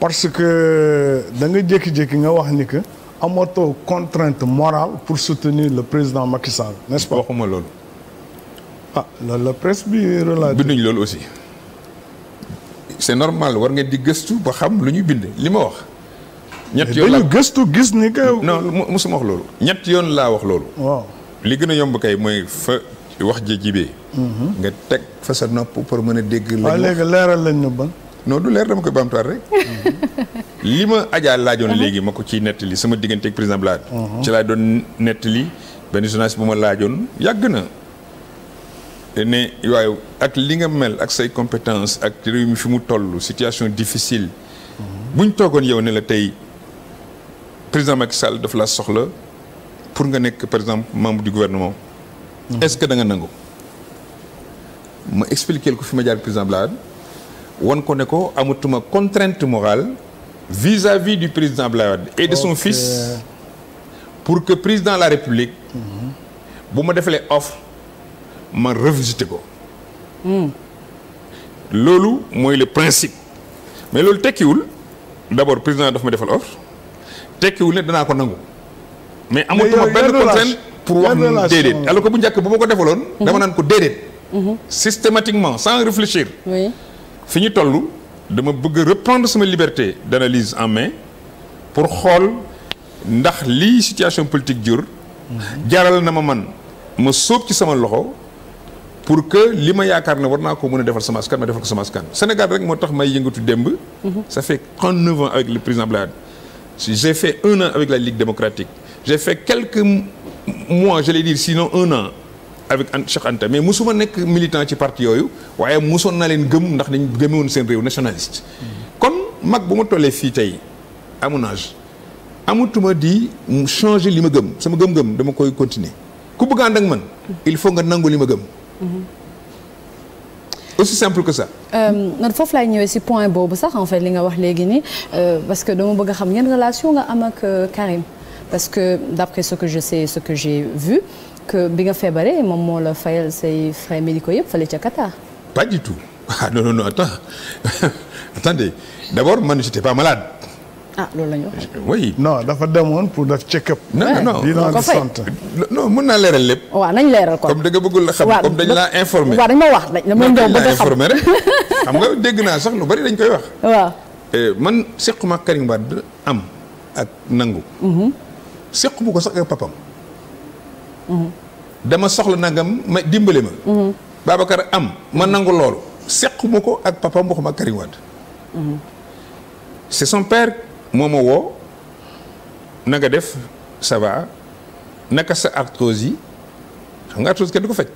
parce que da nga jékki-jékki nga wax ni que amatoo contrainte morale pour soutenir le président Macky Sall n'est-ce pas. waxuma loolu. ah la la presse bi relaté. binduñ loolu aussi c'est normal war ngeen di gëstu ba xam lu ñu bind li ma wax. ñett yoon gëstu gis ni que. non mosuma wax yoon laa wax loolu. waaw li gën a yomb kay mooy fa wax ji jibee mhm. nga teg fa sa nopp pour mën a dégg. la léegi leeral lañ ñu ban. non leer dama koy baamtuwaat rek. li ma Adja laajoon uh-huh. léegi ma ko ciy nettali sama digganteeg président Blade. Uh-huh. ci laa doon nettali benn journaliste bu ma laajoon yàgg na. ne waaye ak li nga mel ak say compétence ak réew mi fi mu toll situation difficile. Uh-huh. buñ toogoon yow ne la tey président Macky Sall daf la soxla pour nga nekk par exemple membre du gouvernement. est-ce que da nga nangu. ma expliqué ko fi ma jaar président Blade. wan ko ne ko amatuma contrainte morale vis-à-vis du président Abdoulaye Wade et de son fils pour que président la République mhm. bu ma defalee offre ma revisité ko hmm. loolu mooy le principe mais loolu tekkiwul d'abord président daf ma defal offre tekkiwul ne danaa ko nangu mais amatuma benn contrainte pour wax déedéet alors que bu njëkk bu ma ko defaloon dama mhm. naan ko déedéet mhm. systématiquement sans réfléchir oui. fi ñu toll dama bëgg reprendre sama liberté d'analyse en mais pour xool ndax lii situation politique jur jaral na ma man ma sóob ci sama loxo pour que li ma yaakaar ne war naa ko mën a defal sama askan ma defal ko sama askan Sénégal rek moo tax may yëngatu démb ça fait 39 ans avec le président Blade j'ai fait un an avec la Ligue démocratique j'ai fait quelques mois j'allais dire sinon un an avec Cheikh Anta mais musuma nekk militant ci parti yooyu waaye musoon na leen gëm ndax dañ gëme woon seen réew nationaliste. kon mag bu ma tollee fii tey amoon âge amatuma di changer li ma gëm sama gëm-gëm dama koy continuer ku bëgg ànd ak man il faut nga nangu li ma gëm. Mm-hmm. aussi simple que sax nan euh, foofu laay ñëwee ci point boobu sax en fait li nga wax léegi nii euh, parce que dama bëgg a xam yan relation nga am ak euh, Karim parce que d'après ce que je sais ce que j'ai vu. que bi nga feebaree moom moo la fayal say frais médicaux yëpp fale ca Qatar. pas du tout ah non non non attends attendez d'abord man j'étais pas malade. ah loolu la ñu wax. oui. non dafa demoon pour def check-up. non mën naa leeral lépp. waaw nañ leeral kon comme da nga bëggul la xam. comme dañ laa informé. dañ ma wax dañ ma ñëw ba xam informé rek xam nga dégg naa sax lu bari dañ koy wax. waaw. Euh, man sequma Karim Wade am ak nangu. Mhm. seq ko sax ak papam. dama soxla nangam ma dimbale ma. Babacar am ma nangu loolu sequma ko ak papa mboxuma Karim Wade. c'est son père moo ma woo na def ça va naka sa arthrose yi xam nga arthrose kenn du ko faj.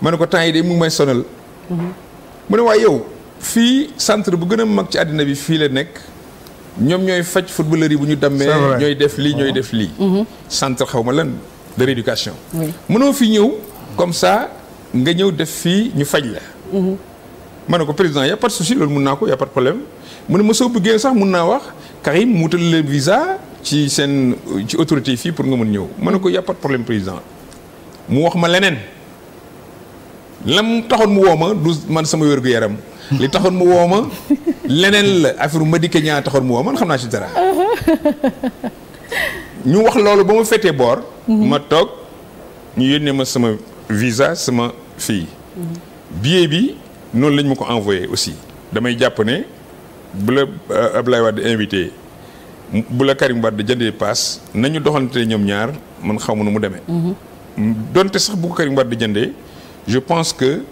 ma ne ko temps yi de mu ngi may sonal. mu ne waaye yow fii centre bu gën a mag ci àddina bi fii la nekk ñoom ñooy faj footballeur bu ñu dammee. ñooy def lii mhm. centre xaw ma lan. de mënoo fi ñëw comme ça nga ñëw def fii ñu faj la. Mhm. ma ne ko président y' a pas loolu mun naa ko y' a pas de problème mu ne sax mun naa wax Karim mu wutal leen ci seen ci autorité fii pour nga mun ñëw ma ne ko y' a pas de mu wax ma leneen. lam taxoon mu woo ma du man sama wér gu yaram li taxoon mu woo ma leneen la ma Madické Niang taxoon mu woo man xam naa si dara. Mhm. ñu wax loolu ba ma fetee boor. Mhm. ma toog ñu yónnee ma sama visa sama fille. Mhm. billet bi noonu lañ ma ko envoyé aussi damay jàpp ne bu la euh, Ablaye Wade invité bu la Karim Wade jëndee paas nañu doxante ñoom ñaar man xaw ma nu mu demee. Mhm. donte sax bu ko Karim Wade jëndee je pense que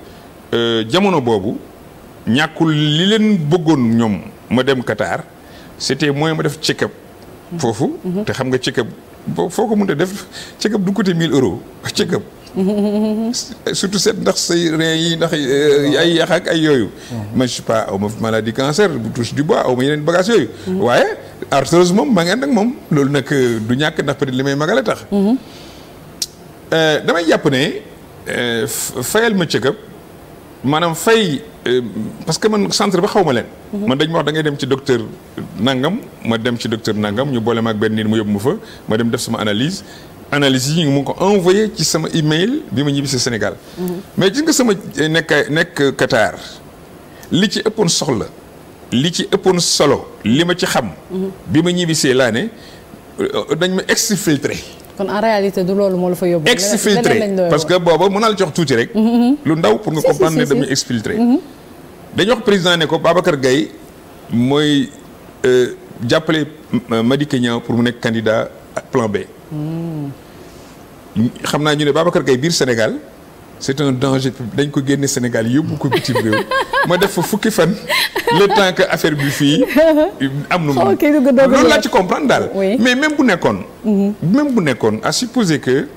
euh, jamono boobu ñàkkul li leen bëggoon ñoom ma dem Qatar c'était moyen ma def check-up foofu te xam nga check-up boo foo ko mënta def check-up du côté 1000 euros check-up surtout seet ndax say rein yi ndax euh, ay yax ak ay yooyu mm-hmm. man je sais pas aw ma maladie cancer bu touche du bois aw ma yeneen bagage yooyu mm-hmm. waaye arthrose moom maa ngi ak moom loolu nag euh, du ñàkk ndax peut li may magale tax mm-hmm. euh, damay yàpp ne fayal ma check maanaam fay euh, parce que man centre ba xaw ma leen. Mhm. man dañ ma wax da ngay dem ci docteur Nangam ma dem ci docteur Nangam ñu boole ma ak benn nit mu yóbbu ma fa ma dem def sama analyse analyse yi ñu ngi ko envoyé ci sama email bi ma ñibbi si Sénégal. Mhm. mais gis nga sama eh, nekk nekk Qatar li ci ëppoon soxla li ci ëppoon solo li ma ci xam. Mhm. bi ma ñibbisee laa ne euh, dañ ma exfiltré. kon en réalité du loolu moo la fa yóbbu. exfiltré parce que booba mën naa la jox tuuti rek. Mm-hmm. lu ndaw pour nga comprendre ne dañuy exfiltré. Mm-hmm. dañu wax président ne ko Babacar Gaye mooy euh, jàppale Madické Niang pour mu nekk candidat plan B. Mm. xam naa ñu ne Babacar gay biir Sénégal c'est un danger dañ ko génne Sénégal yóbbu ko bitim ma def fa fukki fan le temps que affaire bi fii am nu ma loolu laa ci comprendre daal mais même bu nekkoon mhm. même bu nekkoon à supposer que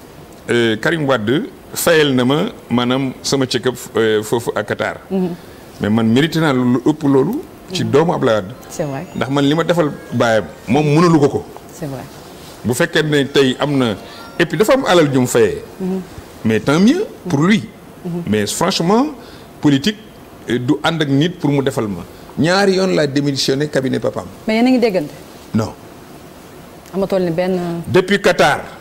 euh, Karim Wade fayal na ma maanaam sama check-up euh, foofu à Qatar mhm. mais man mérité naa lu ëpp loolu ci mhm. doomu Abdoulaye Wade c'est ndax man li ma defal baayam moom mënalu ko ko bu fekkee ne tey am na et puis dafa am alal ñu mu mais temps mieux pour lui mais franchement politique du ànd ak nit pour mu defal ma ñaari yoon laa démissionné cabinet papam mais yéen a ngi déggante. non. amatul ne benn. depuis Qatar.